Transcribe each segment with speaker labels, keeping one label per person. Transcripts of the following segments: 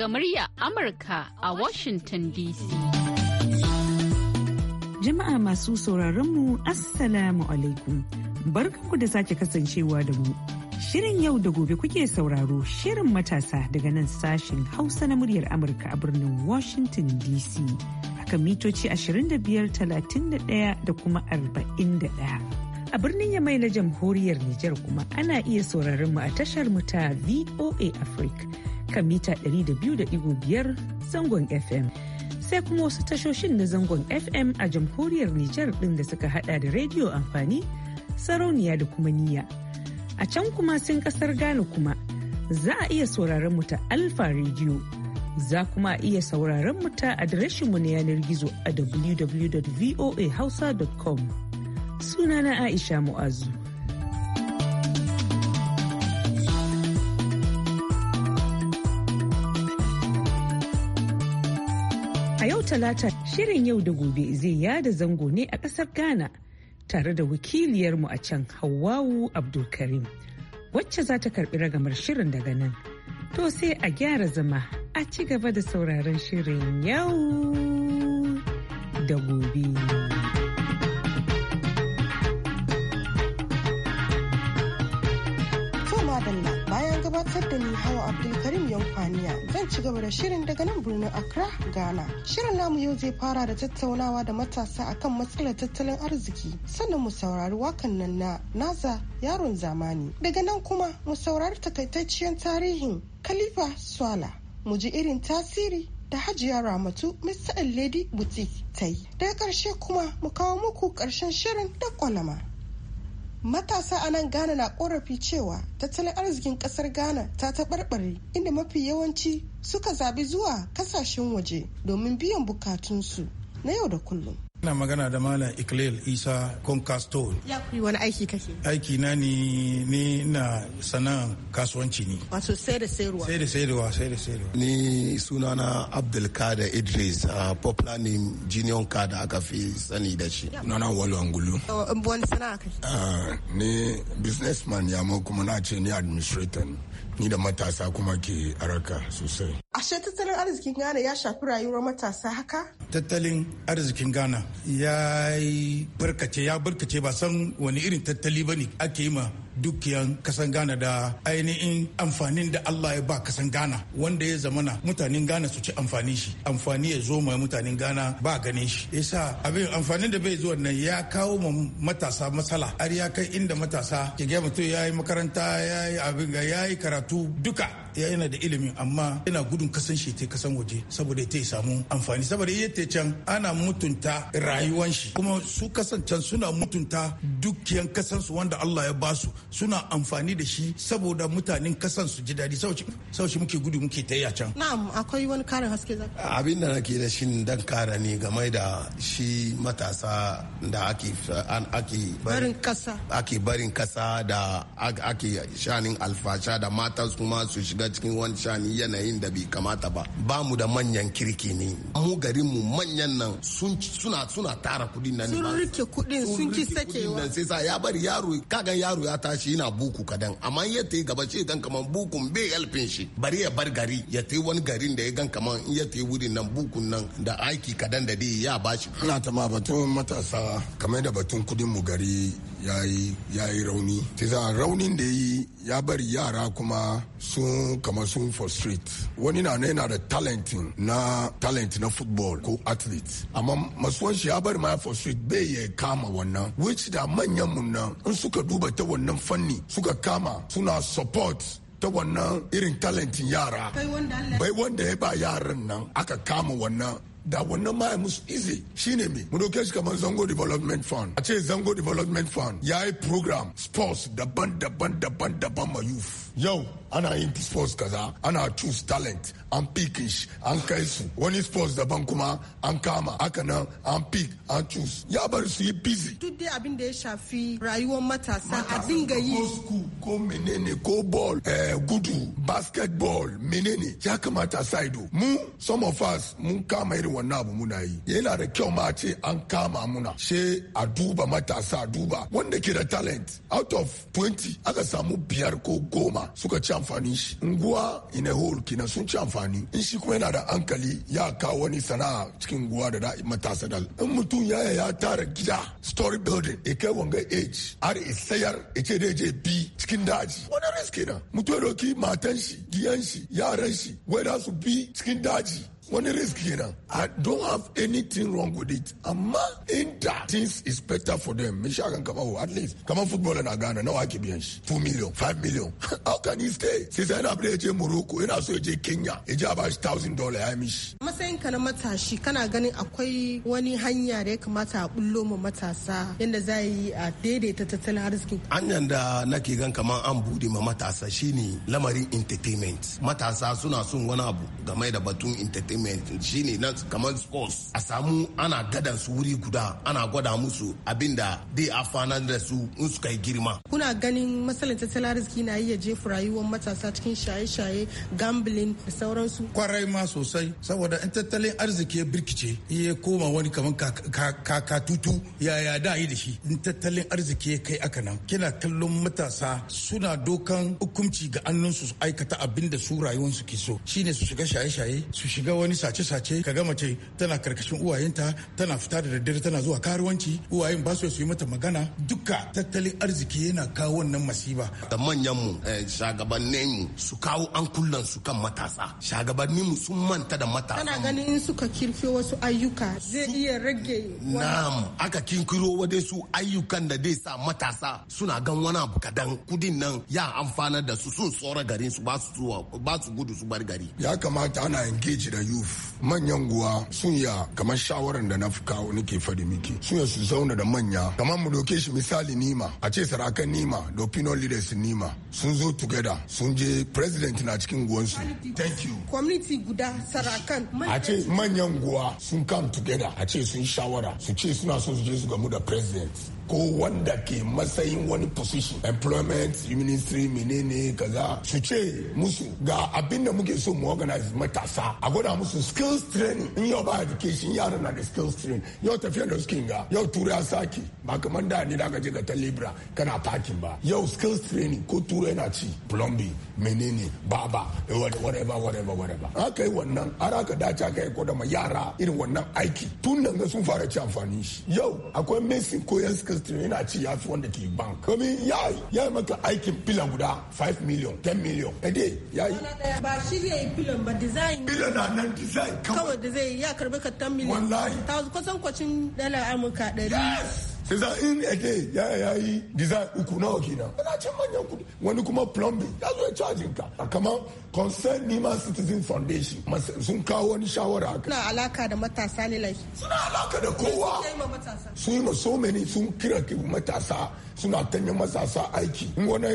Speaker 1: daga murya Amurka a Washington DC.
Speaker 2: Jama'a masu sauraronmu Assalamu alaikum. Barkanku da sake kasancewa da mu. Shirin yau da gobe kuke sauraro Shirin matasa daga nan sashen Hausa na muryar Amurka a birnin Washington DC. Akan mitoci 25, 31 da kuma 41. a birnin yamai na jamhuriyar Nijar kuma ana iya sauraron mu a tashar mu ta VOA Africa kan mita 200.5 zangon FM. Sai kuma wasu tashoshin na zangon FM a jamhuriyar Nijar ɗin da suka haɗa da rediyo amfani, sarauniya da kuma niyya. A can kuma sun kasar Ghana kuma za a iya sauraron mu ta Alfa rediyo Za kuma iya sauraron mu ta mu na yanar gizo a www.voahausa.com. Sunana Aisha Mu'azu. yau talata shirin yau da gobe zai yada zango ne a ƙasar Ghana tare da wakiliyarmu a can hawawu Abdulkarim wacce za ta karbi ragamar shirin daga nan. To sai a gyara zama a ci gaba da sauraron shirin yau da gobe.
Speaker 3: gabatar da ni hawa abdulkarim yankwaniya zan ci gaba da shirin daga nan birnin accra ghana shirin namu yau zai fara da tattaunawa da matasa akan matsalar tattalin arziki sannan mu saurari wakan nan na naza yaron zamani daga nan kuma mu saurari takaitacciyar tarihin kalifa swala mu ji irin tasiri da hajiya ramatu mr lady boutique ta yi daga karshe kuma mu kawo muku karshen shirin da kwalama matasa a nan ghana na korafi cewa tattalin arzikin kasar ghana ta taɓarɓare inda mafi yawanci suka zabi zuwa kasashen waje domin biyan bukatunsu na yau da kullum
Speaker 4: Ina magana da Malam Iklil Isa Concasto.
Speaker 3: Ya kuri wani aiki kake?
Speaker 4: Aiki na ni ni na sanan
Speaker 5: kasuwanci ne.
Speaker 3: Wato sai da sayarwa. Sai da sayarwa, sai da
Speaker 4: sayarwa.
Speaker 5: Ni sunana Abdulkader Idris a popular name Junior Kada aka fi sani da shi. Sunana Walu Angulu.
Speaker 3: Wani sana'a kake?
Speaker 5: Ah, ni businessman ya kuma na ce ni
Speaker 6: administrator ni da matasa kuma ke araka sosai.
Speaker 3: Ashe tattalin arzikin Ghana ya shafi rayuwar matasa haka?
Speaker 4: Tattalin arzikin Ghana ya yi barkace ya barkace ba san wani irin tattali ba ne ake yi ma dukiyan kasan Ghana da ainihin amfanin da Allah ya ba kasan Ghana wanda ya zamana mutanen Ghana su ci amfani shi amfani ya zo ma mutanen Ghana ba ganin shi yasa abin amfanin da bai zuwa nan ya kawo ma matasa matsala har ya kai inda matasa ke gaya mutum ya yi makaranta ya yi abin ga ya yi karatu duka yana da ilimin amma yana gudun kasan shi ta kasan waje saboda ta samu amfani saboda iya ta can ana mutunta rayuwan shi kuma su can suna mutunta dukiyan kasan su wanda Allah ya basu suna amfani da shi saboda mutanen kasan su ji dadi sauci muke gudu muke a can.
Speaker 3: Na'am akwai wani karin haske za
Speaker 5: Abin da nake da shi dan kara ne game da shi matasa da ake ake barin kasa ake barin kasa da ake shanin alfasha da matan su ma su shiga shiga cikin wancan yanayin da bai kamata ba ba mu da manyan kirki ne mu garin mu manyan nan suna suna tara kudin nan sun rike kudin sun ki sakewa sai sa ya bari yaro kagan yaro ya tashi yana buku kadan amma ya tayi gaba ce gan kaman bukun bai yalfin shi bari ya bar gari ya tayi wani garin da ya gan kaman in ya tayi wurin nan bukun nan da aiki kadan da dai ya bashi ina ta ma batun matasa kamar da batun kudin mu gari ya yi rauni tiza raunin da yi ya bari
Speaker 6: yara kuma sun kama sun frustrate wani na yana da talent na talent na football ko athlete amma masuwan shi ya bari ma frustrate bai ya kama wannan which da manyan mun nan in suka duba ta wannan fanni suka kama suna support ta wannan irin talentin yara bai wanda ya ba yaran nan aka kama wannan da wannan ma musu izi shine me mu dauke shi kamar zango development fund a ce zango development fund ya yi program sports daban daban daban daban ma youth yau ana yin sports kaza ana choose talent an pick an kai su wani sports daban kuma an kama haka nan an pick an choose ya bar su yi busy
Speaker 3: duk dai abin da ya shafi rayuwar matasa a dinga yi ko school
Speaker 6: ko menene ko ball eh, gudu basketball menene ya kamata sa mu some of us mun kama irin wannan abu muna yi yana da kyau ma ce an kama muna she a duba matasa a duba wanda ke da talent out of 20 aka samu biyar ko goma ba suka ci amfani shi unguwa ina hol kina sun ci amfani in shi kuma yana da hankali ya kawo wani sana'a cikin unguwa da da matasa dal in mutum ya ya tara gida story building a kai wanga age har isayar sayar a ce dai je bi cikin daji wani risk kenan mutum ya doki matan shi giyan shi yaran shi wai da su bi cikin daji wani risk kenan i don't have anything wrong with it amma da. things is better for them me sha kan kama at least kama football na Ghana na wake biyan shi 2 million 5 million how can he stay sai sai na play je Morocco yana so ya je Kenya e je a bashi 1000 dollar ya mishi
Speaker 3: matsayin ka na matashi kana ganin akwai wani hanya da ya kamata a bullo mu matasa yadda za yi a daidaita tattalin arziki
Speaker 5: hanyar da nake gan kama an bude ma matasa shine lamarin entertainment matasa suna son wani abu game da batun entertainment entertainment shine na kamar sports a samu ana gadan su wuri guda ana gwada musu abinda dai afana da su in su yi girma
Speaker 3: kuna ganin matsalar tattalin arziki na iya jefa rayuwar matasa cikin shaye-shaye gambling da sauransu
Speaker 5: kwarai ma sosai saboda in
Speaker 4: tattalin arziki ya birkice ya koma wani kamar kakatutu ya da yi da shi in tattalin arziki ya kai aka nan kina kallon matasa suna dokan hukunci ga annunsu su aikata abin da su rayuwarsu ke so shine su shiga shaye-shaye su shiga wani wani sace-sace ka ga mace tana karkashin uwayenta tana fita da daddare tana zuwa karuwanci uwayen ba su yi mata magana
Speaker 5: duka tattalin arziki yana
Speaker 4: kawo wannan masiba
Speaker 5: da manyan mu eh, shagabannin mu su kawo an kullan su kan matasa shagabannin mu sun manta da matasa kana ganin
Speaker 3: in suka kirkiro wasu ayyuka zai iya rage na'am
Speaker 5: aka kinkiro wade su ayyukan da zai sa matasa suna gan wani abu kadan kudin nan ya amfana da su sun tsora garin su ba su gudu su bar gari
Speaker 6: ya kamata ana engage da yu yusuf manyan guwa sun ya kamar shawaran da na kawo nake fadi miki sun ya su zauna da manya kamar mu doke shi misali nima a ce sarakan nima da opinion leaders nima sun zo together sun je president na cikin guwansu thank you
Speaker 3: community guda sarakan a ce
Speaker 6: manyan guwa sun come together a ce sun shawara su ce suna so su je su gamu da president ko wanda ke matsayin wani position employment ministry menene kaza su ce musu ga abin da muke so mu organize matasa a gwada musu skills training in yau ba education yara na da skills training yau tafiya da suke ga yau turai saki ba kamar da ne da ka je ka ta libra kana parking ba yau skills training ko turai yana ci plumbing menene baba whatever whatever whatever aka yi wannan ara ka dace aka yi kodama yara irin wannan aiki tun nan ga sun fara ci amfani shi yau akwai mesin koyan skills system yana ci ya fi wanda ke bank domin ya ya maka aikin pila guda 5 million 10 million a day ya yi ba shi zai yi filan ba design pila na nan design kawai da
Speaker 3: zai ya karbi ka 10 million wallahi ta kusan kwacin dala amurka 100 yes
Speaker 6: Isa in ake ya yayi design uku nawa kenan. Ana cin manyan kudi. Wani kuma plumbing ya zo ya cajin ka. a kama concern Nima Citizen Foundation sun kawo wani shawara haka.
Speaker 3: Suna alaka da matasa ne lai. Suna
Speaker 6: alaka da kowa. Sun yi ma so many sun kira matasa suna tanya matasa aiki. Wani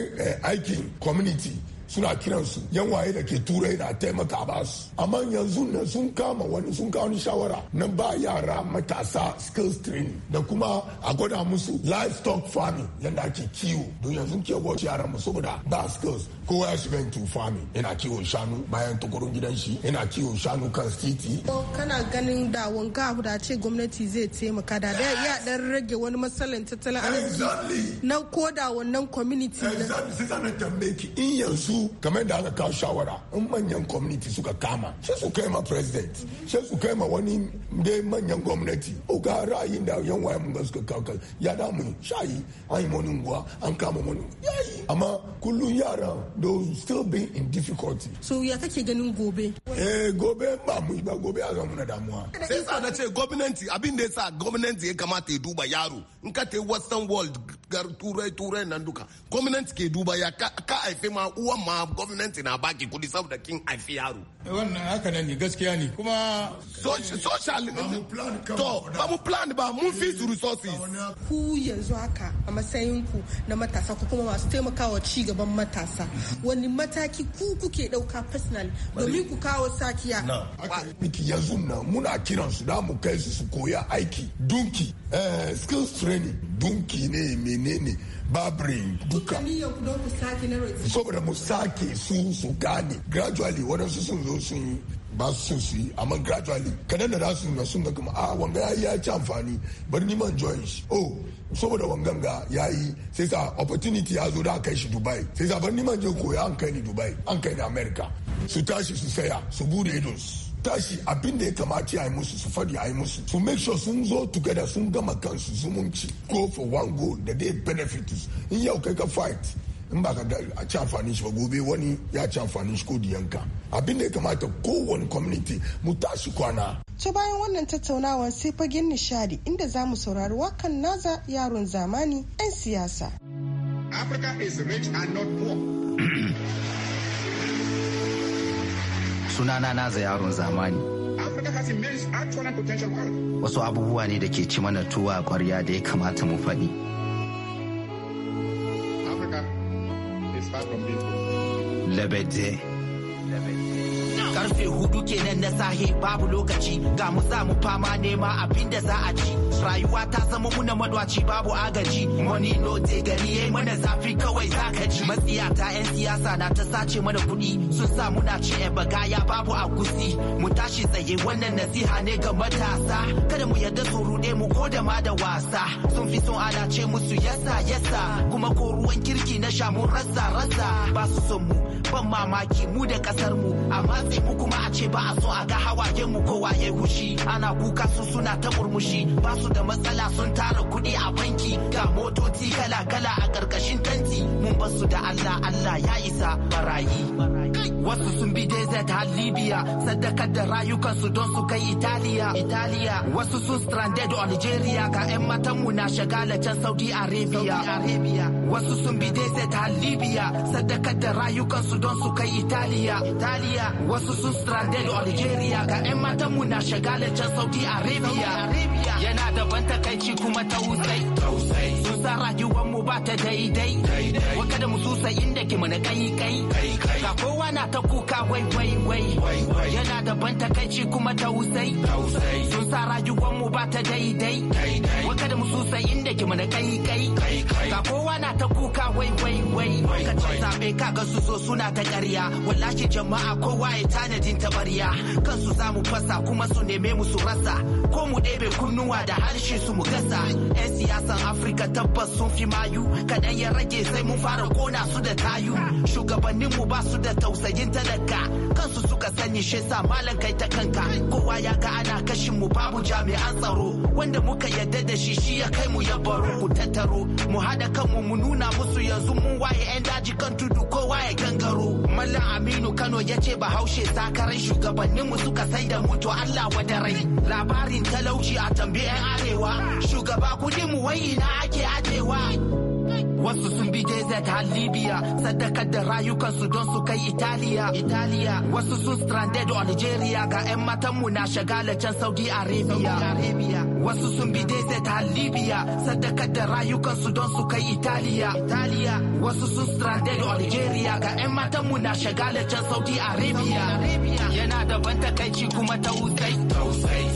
Speaker 6: aikin community suna kiransu yan waye da ke turai na taimaka ba su amma yanzu ne sun kama wani sun kawo wani shawara na ba yara matasa skills training da kuma a gwada musu livestock farming yadda ake kiwo don yanzu wa yara mu saboda ba skills kowa ya shiga into farming yana kiwon shanu bayan tukurun gidan shi yana kiwon shanu kan titi
Speaker 3: kana ganin da wanka abu da ce gwamnati zai taimaka da da ya dan rage wani matsalan tattalin arziki na koda wannan community exactly
Speaker 6: sai zan tambaye ki in yanzu su kamar da aka kawo shawara in manyan community suka kama sai su kai ma president sai su kai ma wani dai manyan gwamnati oga ra'ayin da yan wayan mun suka kawo ya da mu shayi an yi wani unguwa an kama wani yayi amma kullum yara do
Speaker 5: still be in difficulty
Speaker 3: so ya kake ganin gobe
Speaker 5: eh gobe ba mu ba gobe a ga muna damuwa sai sa na ce gwamnati abin da yasa gwamnati ya kamata ya duba yaro in ka ta western world gar turai turai nan duka gwamnati ke duba ya ka haife ma uwan ma gwamnati na baki kudi saboda kin haife yaro
Speaker 6: eh, wannan haka nan ne gaskiya ne kuma
Speaker 5: social to ba mu plan ba mun fi resources
Speaker 6: eh, ku
Speaker 3: yanzu haka a matsayin ku na matasa ku kuma masu taimakawa ci gaban matasa wani mataki ku kuke dauka personal domin ku kawo sakiya
Speaker 6: yanzu na muna kiran su da mu kai su koya aiki dunki eh, skills training dunki ne mai menene babrin duka saboda mu sake su su gane gradually waɗansu sun zo sun ba su sun su amma gradually kadan da za su na sun ga kuma a ah, wanga ya ya ci amfani bari ni man join shi oh saboda wangan ya yi sai sa opportunity ya zo da aka kai shi dubai sai sa bari ni man je koya an kai ni dubai an kai ni america su tashi su saya su bude idonsu tashi abin da ya kamata ya yi musu su fadi a yi musu su make sure sun zo together sun gama kansu zumunci go for one goal da dey benefit in yau kai ka fight in ba ka a ci amfani shi ba gobe wani ya ci amfani shi ko diyanka abin da ya kamata kowane community mu tashi kwana.
Speaker 3: ta bayan wannan tattaunawar sai fagen nishadi inda za mu saurari wakan naza yaron zamani 'yan siyasa.
Speaker 6: Africa is rich and not poor.
Speaker 7: sunana na yaron zamani wasu abubuwa ne da ke ci mana tuwa kwarya da ya kamata mu faɗi labede karfe hudu kenan na sahe babu lokaci ga mu za mu fama nema abin da za a ci rayuwa ta zama muna madwaci babu agaji no te gari yayi mana zafi kawai zaka ji matsiya ta yan siyasa na ta sace mana kuɗi sun sa muna ci bagaya babu agusi mu tashi tsaye wannan nasiha ne ga matasa kada mu yarda su ruɗe mu ko da ma da wasa sun fi son ana ce musu yasa yasa kuma ko ruwan kirki na sha mun rasa rasa ba su son mu ban mamaki mu da kasar mu a matsi mu kuma a ce ba a so a ga hawayen mu kowa ya hushi ana kuka su suna ta murmushi ba su da matsala sun tara kuɗi a banki ga motoci kala kala a ƙarƙashin tanti mun basu da Allah Allah ya isa barayi wasu sun bi desert har libya sadakar da rayukansu don su kai italiya italiya wasu sun stranded algeria ga 'yan matanmu na shagala can saudi arabia wasu sun bi desert har libya sadakar da rayukansu don su kai italiya italiya wasu sun stranded algeria ga 'yan matanmu na shagala can saudi arabia yana da daban takaici kuma ta wutsai sun mu rayuwarmu ba ta daidai wakada mu susa inda ke mana kai kai ga kowa ana ta kuka wai wai wai yana da ban takaici kuma tausai sun sa rayuwar mu ba ta daidai waka da musu sai inda ki mana kai kai ga kowa na ta kuka wai wai wai ka ce zabe ka ga su so suna ta ƙarya wallahi jama'a kowa ya tanadin barya kansu za mu fasa kuma su neme mu su rasa ko mu ɗebe kunnuwa da harshe su mu gasa 'yan siyasan afirka tabbas sun fi mayu kaɗan ya rage sai mun fara kona su da tayu shugabanninmu ba su da tausayi tausayin talaka kansu suka sani shi sa malam kai ta kanka kowa ya ga ana kashin mu babu jami'an tsaro wanda muka yadda da shi shi ya kai mu ya baro ku tattaro mu haɗa kanmu mu nuna musu yanzu mun waye 'yan daji kan tudu kowa ya gangaro mallam aminu kano ya ce bahaushe sakarai shugabannin mu suka sai da mutu allah rai labarin talauci a tambi 'yan arewa shugaba kudin mu wai ina ake ajewa wasu sun bi desert har libya sadakar da rayukansu don su kai italiya italiya wasu sun stranded a nigeria ga 'yan matanmu na shagala can saudi arabia wasu sun bi desert har libya sadakar da rayukansu don su kai italiya italiya wasu sun stranded a nigeria ga 'yan matanmu na shagala can saudi arabia yana da ban takaici kuma ta wutsai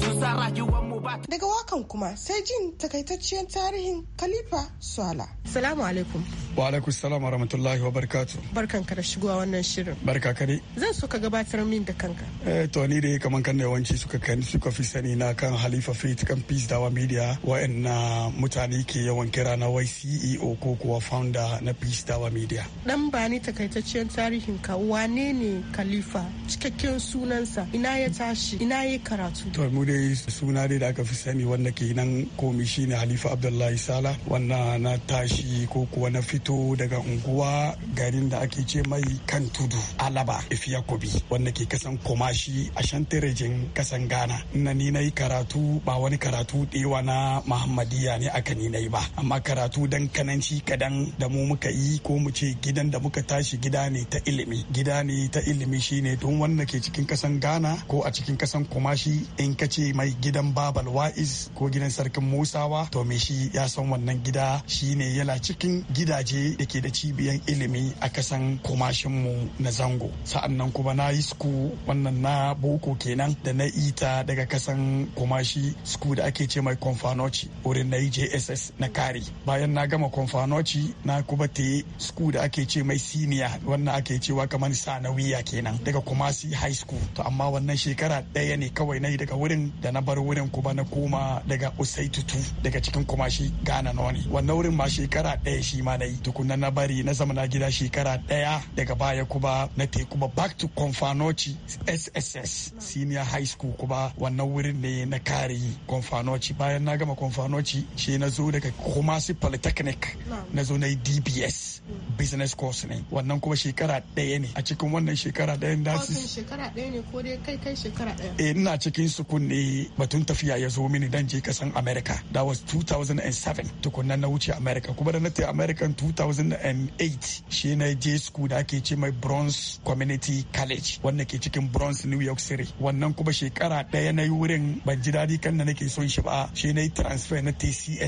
Speaker 7: sun sa
Speaker 3: rayuwar daga wakan kuma sai jin takaitacciyar tarihin khalifa swala salamu alaikum
Speaker 8: wa alaikum salam wa rahmatullahi wa barkatu barkan ka da shigowa wannan shirin barka ka
Speaker 3: zan so ka gabatar min da kanka
Speaker 8: eh to ni dai kaman kan yawanci suka kan suka fi sani na kan halifa faith kan peace dawa media wa'anna mutane ke yawan kira na wai CEO ko kuwa founder na peace dawa media
Speaker 3: dan ba ni takaitacciyar tarihin ka wane ne khalifa cikakken sunansa ina ya tashi ina ya karatu to
Speaker 8: mu dai suna dai da aka fi sani wanda ke nan komi shine halifa abdullahi sala wanda na tashi ko kuwa na fito daga unguwa garin da ake ce mai kan tudu alaba ifiyakobi wanda ke kasan komashi a shantirejin kasan ghana na ni yi karatu ba wani karatu ɗewa na muhammadiya ne aka ni yi ba amma karatu dan kananci kadan da mu muka yi ko mu ce gidan da muka tashi gida ne ta ilimi gida ne ta ilimi shine don wanda ke cikin kasan ghana ko a cikin kasan komashi in ka ce mai gidan babalwa wa'iz ko gidan sarkin musawa to me shi ya san wannan gida shi ne yana cikin gidaje da ke da cibiyan ilimi a kasan kumashin mu na zango sa'annan kuma na yi sku wannan na boko kenan da na ita daga kasan kumashi sku da ake ce mai konfanoci wurin na yi jss na kare bayan na gama konfanoci na kuma te sku da ake ce mai siniya wannan ake cewa kamar sanawiya kenan daga kumasi high school to amma wannan shekara ɗaya ne kawai na yi daga wurin da na bar wurin kuma na koma daga usai tutu daga cikin kuma shi ghana noni wannan wurin ma shekara ɗaya shi ma na yi tukunna na bari na zama na gida shekara ɗaya daga baya kuma na te kuma back to konfanoci sss senior high school kuma wannan wurin ne na kare konfanoci bayan na gama konfanoci shi na zo daga kumasi polytechnic na zo na yi dbs business course ne wannan kuma shekara ɗaya ne a cikin wannan shekara ɗaya da su
Speaker 3: shekara ɗaya ne ko dai kai kai shekara ɗaya
Speaker 8: eh ina cikin sukun ne batun tafiya ya zo zo mini dan je kasan america that was 2007 tukunna na wuce america kuma da na ta america 2008 shi na je school da ake ce mai bronze community college wanda ke cikin bronze new york city wannan kuma shekara daya na yi wurin ban ji daɗi kan da nake son shi ba shi na yi transfer na tcsi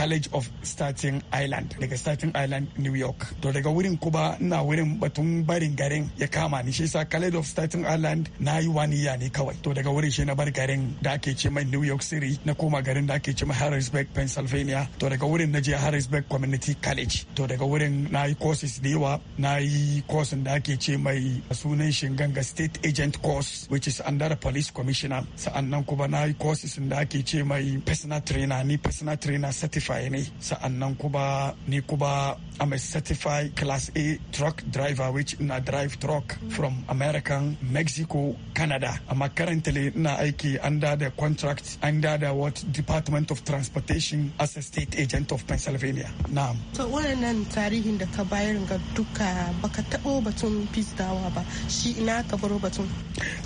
Speaker 8: college of staten island daga staten island new york to daga wurin kuma ina wurin batun barin garin ya kama ni shi sa college of staten island na yi wani ne kawai to daga wurin shi na bar garin da ake ce mai new york york city na koma garin da ake cima harrisburg pennsylvania to daga wurin na je harrisburg community college to daga wurin na yi courses da yawa na yi course da ake ce mai sunan shinganga state agent course which is under the police commissioner sa'annan kuma na yi courses da ake ce mai personal trainer ni personal trainer certified ne sa'annan kuma ni kuma am a certified class a truck driver which na drive truck from american mexico canada amma currently ina aiki under the contract under the what Department of Transportation as a state agent of Pennsylvania. Na'am.
Speaker 3: So wannan tarihin da ka bayar ga duka baka taɓo batun Peace Dawa ba shi ina ka baro batun.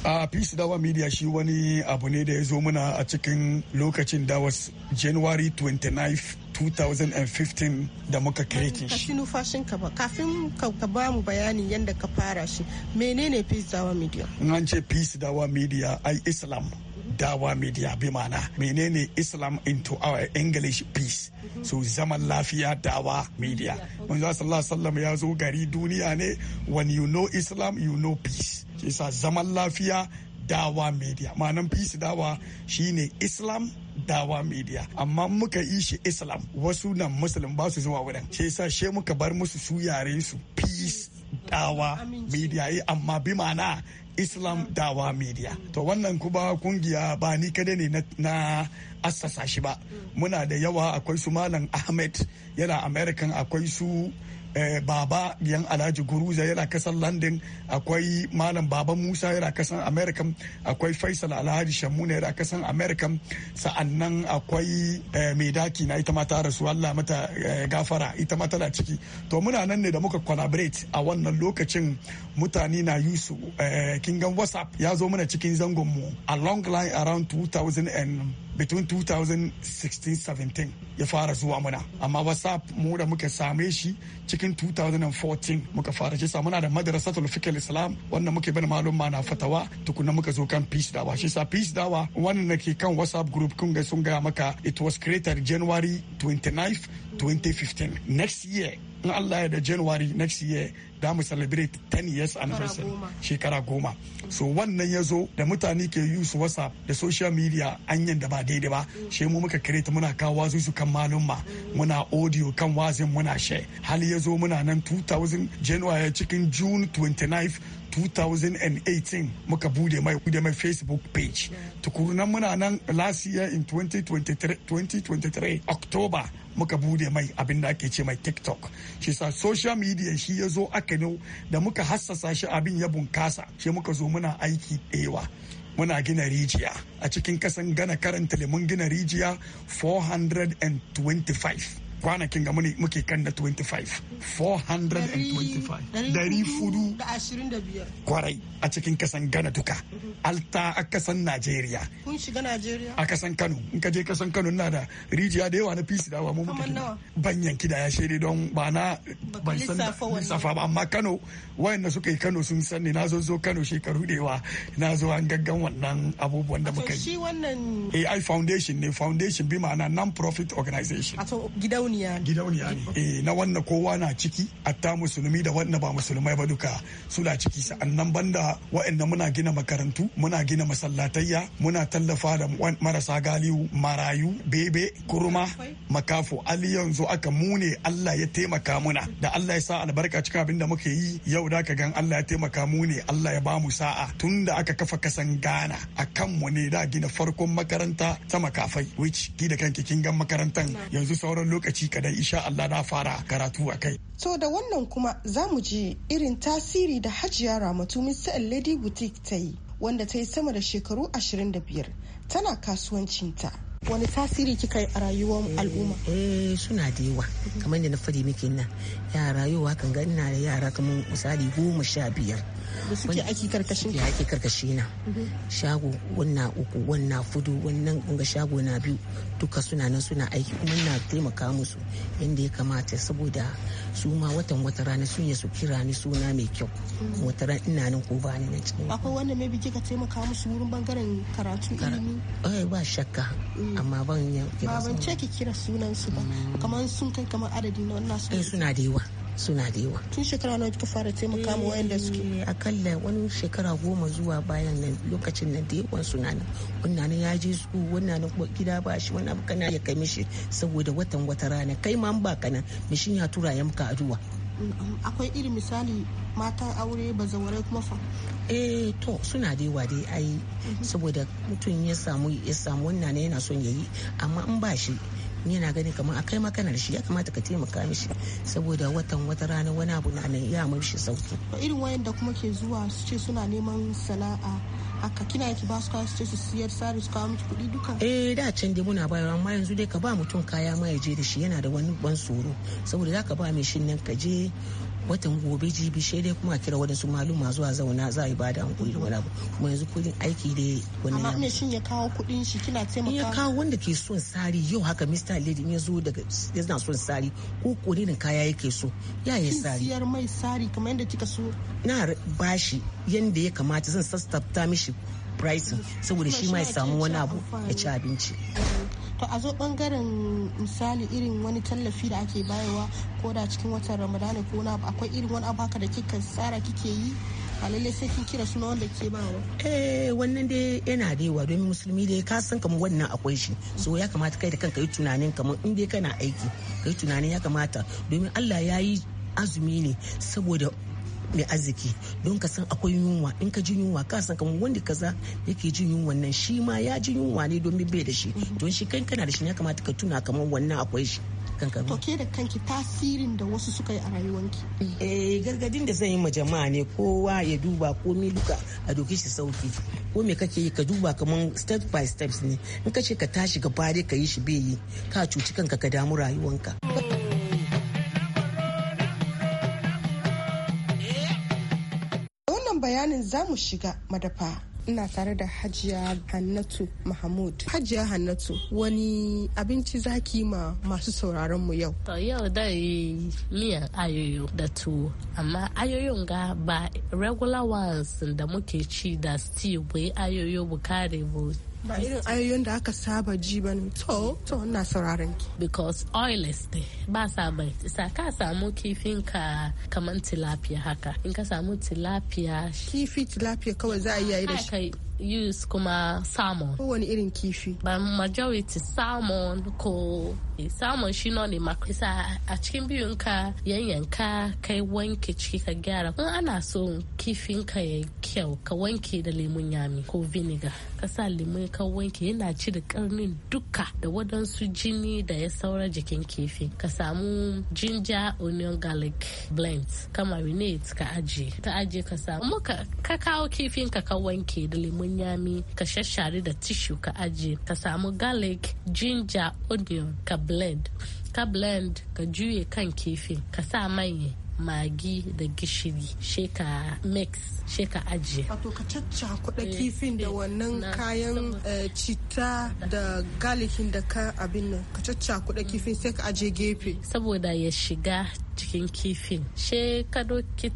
Speaker 8: A Peace Dawa Media shi wani abu ne da ya zo muna a cikin lokacin da was January 29 2015 da muka kireke shi.
Speaker 3: Ka numfashin ka ba kafin ka ba mu bayanin yadda ka fara shi menene Peace Dawa Media?
Speaker 8: An ce Peace Dawa Media ai Islam dawa media bi mana menene islam into our english peace so zaman lafiya dawa media manzo sallallahu alaihi wasallam ya zo gari duniya ne when you know islam you know peace shi zaman lafiya dawa media ma'anan peace dawa shine islam dawa media amma muka yi shi islam wasu nan musulun ba su zuwa wurin shi sa she muka bar musu su yare su peace dawa media eh, amma bi ma'ana islam dawa media to wannan kuma kungiya ba ni kada ne na assasa shi ba muna da yawa akwai su malam ahmed yana american akwai su Eh, baba yan alhaji guruza yana kasan london akwai malam baba musa yana kasan america akwai faisal alhaji shamuna yana kasan america sa'annan akwai eh, mai daki na ita ma rasu allah mata eh, gafara ita ma tana ciki to muna nan ne da muka collaborate a wannan lokacin mutane na yusu kingan whatsapp ya zo mana cikin zangon mu a long line around 2000 between 2016-17 ya fara zuwa muna amma whatsapp mu da muka same shi cikin 2014 muka fara shi sa muna da madarasa tulfikar islam wanda muke bani malum ma na fatawa tukuna muka zo kan peace dawa shi sa peace dawa wannan ke kan whatsapp group kun ga sun gaya maka it was created january 29 2015 next year in Allah ya da January next year da mu celebrate 10 years anniversary shekara goma so wannan ya zo da mutane ke use whatsapp da social media anyan da ba daidai ba mm. she mu muka create muna kawo su kan ma muna audio kan wazin muna share hali ya zo muna nan 2000 January cikin June 29 2018 muka bude mai bude mai facebook page tukurunan muna nan last year in 2023 2023 october muka bude mai abin da ake ce mai tiktok shi sa social media shi ya zo aka ne da muka hassasa shi abin ya bunkasa shi muka zo muna aiki ɗewa muna gina rijiya a cikin kasan gana karanta mun gina rijiya 425 kwanakin ga muke kan da 25 425 dari fudu kwarai a cikin kasan gana duka alta a kasan najeriya
Speaker 3: kun shiga najeriya a
Speaker 8: kasan kano in ka je kasan kano na da rijiya da yawa na fisi dawa mu muka ban yanki da ya shede don ba na ban san lissafa ba amma kano wayanda suka yi kano sun san ne na zo zo kano shekaru da yawa na zo an gaggan wannan abubuwan da muka yi shi
Speaker 3: wannan
Speaker 8: ai foundation ne foundation bi ma'ana non profit organization a to
Speaker 3: gidauniya gidauniya
Speaker 8: gidauniya ne eh na wannan kowa na ciki atta musulmi da wannan ba musulmai ba duka suna ciki sa'annan banda wa'anda muna gina makarantu muna gina masallatayya muna tallafa da marasa galiwu marayu bebe kuruma makafu ali yanzu aka mune Allah ya taimaka muna da Allah ya sa albarka cikin abin da muke yi yau da ka gan Allah ya taimaka mu ne Allah ya ba mu sa'a tun da aka kafa kasan gana a kanmu ne da gina farkon makaranta ta makafai which ki da kanki kin gan makarantan yanzu sauran lokaci lokaci kadan insha Allah na fara karatu a kai.
Speaker 3: To da wannan kuma za mu je irin tasiri da Hajiya Ramatu Mr. Lady Boutique ta yi wanda ta yi sama da shekaru 25
Speaker 9: tana kasuwancinta. Wani tasiri kika yi a rayuwar al'umma? Eh suna da yawa kamar da na fadi miki nan yara yawa kan ga ina da yara kamar misali goma sha biyar da suke aiki karkashin karkashi na shago wannan uku wannan fudu wannan ga shago na biyu duka suna nan suna aiki kuma na taimaka musu inda ya kamata saboda su ma watan wata rana sun yi su kira ni suna mai kyau mm. wata rana ina nan ko ba ni na cikin
Speaker 3: akwai wanda mai bi ka taimaka musu wurin bangaren karatu ilimi
Speaker 9: ai eh, ba shakka mm. amma ban yi ban ce
Speaker 3: ki kira sunan su ba mm. kamar sun kai
Speaker 9: kamar adadin na wannan eh, suna da yawa suna da yawa
Speaker 3: tun shekara nawa kika fara taimaka wayan da suke
Speaker 9: eh, akalla wani shekara goma zuwa bayan nan lokacin nan da yawan suna nan wannan nan ya je su wannan nan gida ba shi wani abu kana ya kai mishi saboda watan wata rana kai ma ba kana mishin ya tura ya muka aduwa akwai irin misali matan aure ba bazawarai kuma fa eh to suna da yawa dai ai mm-hmm. saboda mutum ya samu ya samu wannan yana son yayi amma in ba shi ni na gani kamar a kai makanar shi ya kamata ka taimaka mishi saboda watan wata rana wani abu na nan ya mishi sauki
Speaker 3: irin wayan da kuma ke zuwa su ce suna neman sana'a haka kina yake ba su ce su siyar sari su kawo miki
Speaker 9: kuɗi duka eh da can dai muna bayarwa amma yanzu dai ka ba mutum kaya ma ya je da shi yana da wani ban tsoro saboda zaka ba mai shin nan ka je watan gobe jibi shi dai kuma kira wadansu maluma zuwa zauna za a yi bada an da wani abu kuma yanzu kudin aiki dai wani amma me shin ya kawo kudin shi kina taimaka ya kawo wanda ke son sari yau haka Mr. Lady in ya zo daga yana son sari ko kodinin kaya yake so ya yi sari siyar mai sari kamar yadda kika so na bashi yanda ya kamata zan sassafta mishi pricing saboda shi ma ya samu wani abu ya ci abinci
Speaker 3: to a zo bangaren misali irin wani tallafi da ake bayarwa ko da cikin watan ramadana ko na akwai irin wani abu haka da kika tsara kike yi a lallai sai kin kira suna wanda ke ba wa.
Speaker 9: Eh wannan dai yana da yawa domin musulmi dai ka san kamar wannan akwai shi. So ya kamata kai da kanka yi tunanin kamar in dai kana aiki kai tunanin ya kamata domin Allah ya yi azumi ne saboda mai arziki don ka san akwai yunwa in ka ji yunwa ka san kamar wanda kaza yake jin yunwa nan shi ma ya ji yunwa ne domin bai da shi mhm. don shi kai kana da shi ya kamata ka tuna kamar wannan akwai shi kanka to da kanki tasirin da wasu suka yi a rayuwanki eh gargadin da zan yi ma jama'a ne kowa ya duba komi duka a doke shi sauki ko me kake yi ka duba kamar step by steps ne in ka ce ka tashi gaba dai ka yi shi bai yi ka cuci kanka ka damu rayuwanka.
Speaker 3: bayanin za mu shiga madafa ina tare da hajiya hannatu mahmud hajiya hannatu wani abinci za zaki ma masu sauraron mu yau
Speaker 1: to yau dai miyan ayoyo da tuwo amma ayoyon ga ba regular ones da muke ci da stew bai ayoyo bukare bu ba irin ayoyin da aka saba ji ba ne to to ina sauraron ki because oil is there ba sa bai sa ka samu kifin ka kaman tilapia haka in ka samu tilapia kifi tilapia kawai za a iya yi da shi use kuma salmon kowane irin kifi ba majority salmon ko eh, salmon shi na ne makwisa a cikin biyun ka yanyanka kai wanke ciki ka gyara Kun ana so kifin ka ya kyau ka wanke da lemun yami ko vinegar ka sa lemun ka wanke yana ci da karnin duka da wadansu jini da ya saura jikin kifi ka samu ginger onion garlic blend ka marinate ka aje ta ajiye ka samu ka kawo kifin ka ka wanke da lemun lemon yami ka shashare da tishu ka aje ka samu garlic ginger onion ka blend ka blend ka juye kan kifin ka sa mai magi da gishiri sheka mix sheka ajiye. Wato
Speaker 3: ka caccakuɗa eh, kifin da eh, wannan kayan eh, citta
Speaker 1: da galikin da ka abin nan ka caccakuɗa kifin sai ka ajiye gefe. Saboda ya shiga cikin kifin she ka doki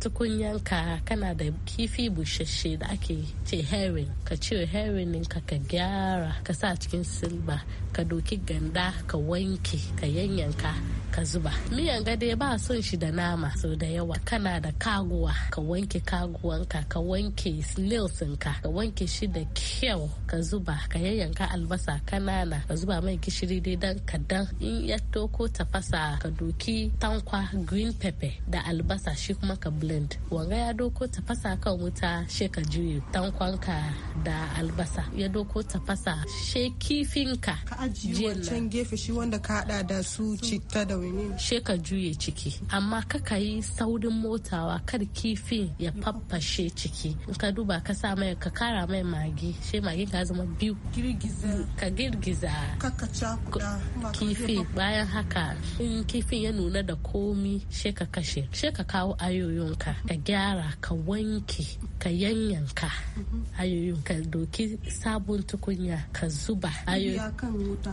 Speaker 1: ka kana da kifi bushashe da ake ce herin ka ce herin ka ka gyara ka sa cikin silba ka doki ganda ka wanke ka yanyanka ka zuba miyan gade ba son shi da nama so da yawa kana da kaguwa ka wanke kaguwanka ka wanke snails ka wanke shi da kyau ka zuba ka yanyanka albasa kanana ka zuba mai gishiri dai dan kadan in ya toko tafasa ka doki tankwa green pepper da albasa shi kuma ka blend wanga ya doko tafasa kan wuta shi ka juye tankwanka da albasa ya doko tafasa shi kifinka ka ajiye wancan gefe shi wanda ka hada da su citta da wani shi ka juye ciki amma kaka yi saurin motawa kar kifin ya faffashe ciki in ka duba ka sa mai ka kara mai magi shi magi ka zama biyu ka girgiza Ka kifi bayan haka in kifin ya nuna da komi she ka kashe she ka kawo ayoyinka ka gyara ka wanke ka yanyanka ayoyin ka doki sabon tukunya ka zuba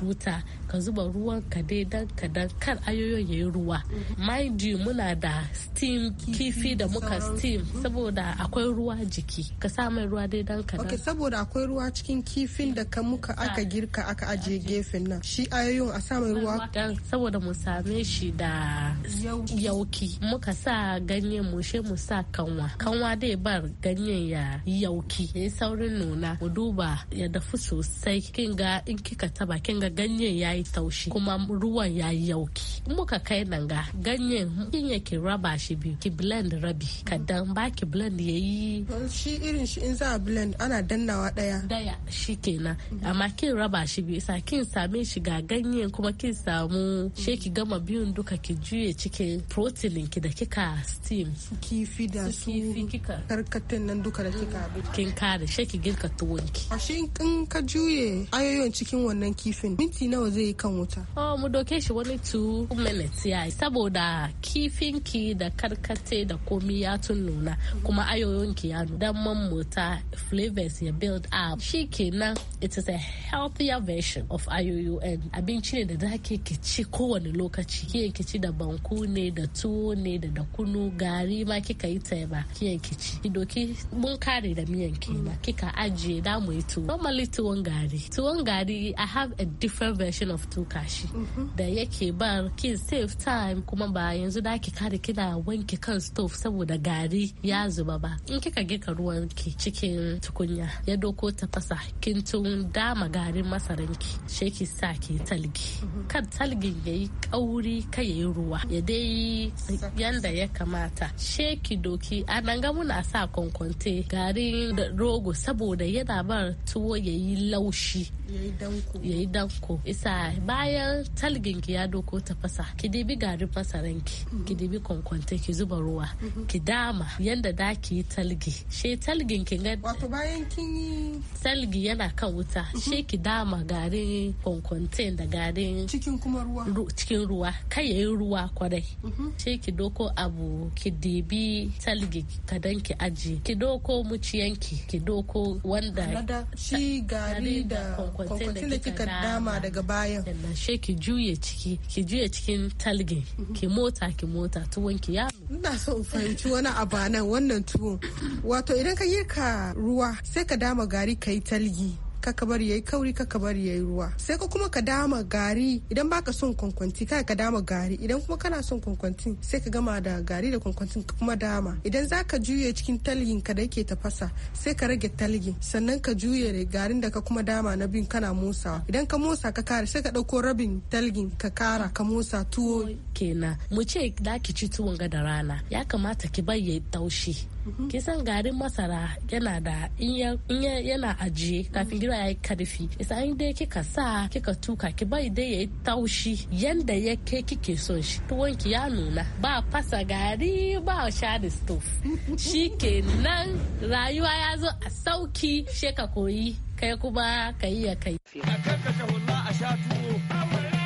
Speaker 1: wuta ka zuba ruwan ka dai dan ka dan kar ayoyin yayi ruwa mhm. mind you muna da steam kifi da muka steam saboda akwai ruwa jiki ka sa mai ruwa dai dan ka dan saboda akwai ruwa cikin kifin da ka muka aka girka aka ajiye gefen nan shi ayoyin a sa mai ruwa saboda mu same shi da yauki muka sa ganye mu she mu sa kanwa kanwa dai bar ganye ya yauki ya saurin nuna mu duba ya dafu sosai kin ga in kika taba kin ga ganyen yayi taushi kuma ruwan yayi yauki muka kai nan ga ganyen kin ki raba shi biyu ki blend rabi ka dan ba ki blend yayi shi irin shi in za a blend ana dannawa daya daya shi kenan amma kin raba shi biyu sa kin same shi ga ganyen kuma kin samu she ki gama biyun duka ki juye cikin protein ki da kika steam su kifi da su karkatun nan duka da kika abu kin kare shi ki girka tuwon ki
Speaker 3: a shi in ka juye ayoyin
Speaker 1: cikin wannan kifin minti nawa zai yi kan wuta oh mu doke shi wani 2 minutes ya saboda kifin ki da karkate da komi ya tun nuna kuma ayoyin ki ya nuna dan Mota, flavors ya build up shi kenan it is a healthier version of ayoyo abinci ne da zaki ki ci kowane lokaci ki ci da banku ne da tuwo ne da da kunu gari ma kika yi ta teba kiyan ki ci ki doki mun kare da miyan kenan kika ajiye da mu yi tuwo normally tuwon gari tuwon gari i have a different version of tukashi da yake bar ki save time kuma ba yanzu da ki kare kina wanke kan stove saboda gari ya zuba ba in kika girka ruwan ki cikin tukunya ya doko ta tafasa kin tun dama garin masaran ki she ki sa ki talgi kan talgin yayi kauri kai yayi ruwa ya dai yi yanda ya kamata sheki doki a nan ga muna sa kwankwante garin rogo saboda yana bar tuwo ya yi laushi yayi danko isa bayan talgin ki ya doko ta fasa ki dibi garin masaran ki mhm. ki dibi kwankwante ki zuba ruwa mhm. ki dama yanda da ki yi talgi shi talgin ki ga wato bayan kin yi talgi yana kan wuta mhm. shi ki dama garin kwankwante da garin cikin kuma ruwa cikin ruwa kai yayi ruwa kwarai shi ki doko abu ki dibi talgi kadan ki aji ki doko muciyanki ki doko wanda shi gari da kwankwantin da kika dama daga bayan sannan she ki juye ciki ki juye cikin talge mhm. ki mota ki mota tuwon ki ya
Speaker 3: ina so in fahimci wani abanan wannan tuwon wato idan ka yi ka ruwa sai ka dama gari ka yi talgi kaka bari yayi kauri kaka bari yayi ruwa sai ka kuma ka dama gari idan baka son kwankwanti kai ka dama gari idan kuma kana son kwankwanti sai ka gama da gari da kwankwanti kuma dama idan zaka juye cikin talgin ka da yake tafasa sai ka rage talgin sannan ka juye garin da ka kuma dama na bin kana musa idan ka musa ka kare sai ka dauko rabin talgin ka kara ka musa tuwo kenan
Speaker 1: mu ce da ki ci tuwon ga da rana ya kamata ki bar taushi Mhm. kisan garin masara yana da yana ajiye kafin mhm. gida ya yi karfi isa in dai kika sa kika tuka ki bai dai ya yi taushi yanda ya ke kike son shi tuwonki ya nuna ba fasa gari ba share stove shi nan rayuwa ya zo a sauki sheka koyi kai kuma kayi ya kai
Speaker 5: a sha tuwo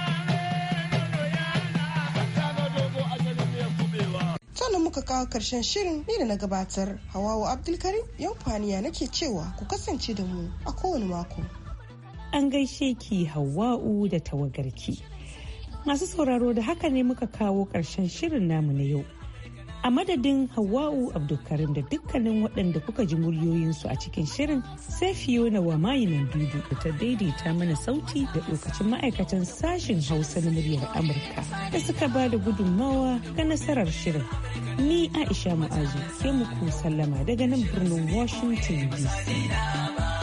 Speaker 3: muka kawo karshen shirin ne da na gabatar hawawa abdulkarim
Speaker 2: yankwaniya nake cewa ku kasance da mu a kowane mako an gaishe ki hawa'u da tawagarki masu sauraro da haka ne muka kawo karshen shirin namu na yau A madadin hawa'u Abdulkarim da dukkanin waɗanda kuka ji muryoyinsu a cikin shirin sai Fiona wa mayinan dudu da ta daidaita mana sauti da lokacin ma'aikatan sashen Hausa na muryar Amurka da suka ba da gudunmawa ga nasarar shirin. Ni Aisha Mu'azu sai muku sallama daga nan birnin Washington DC.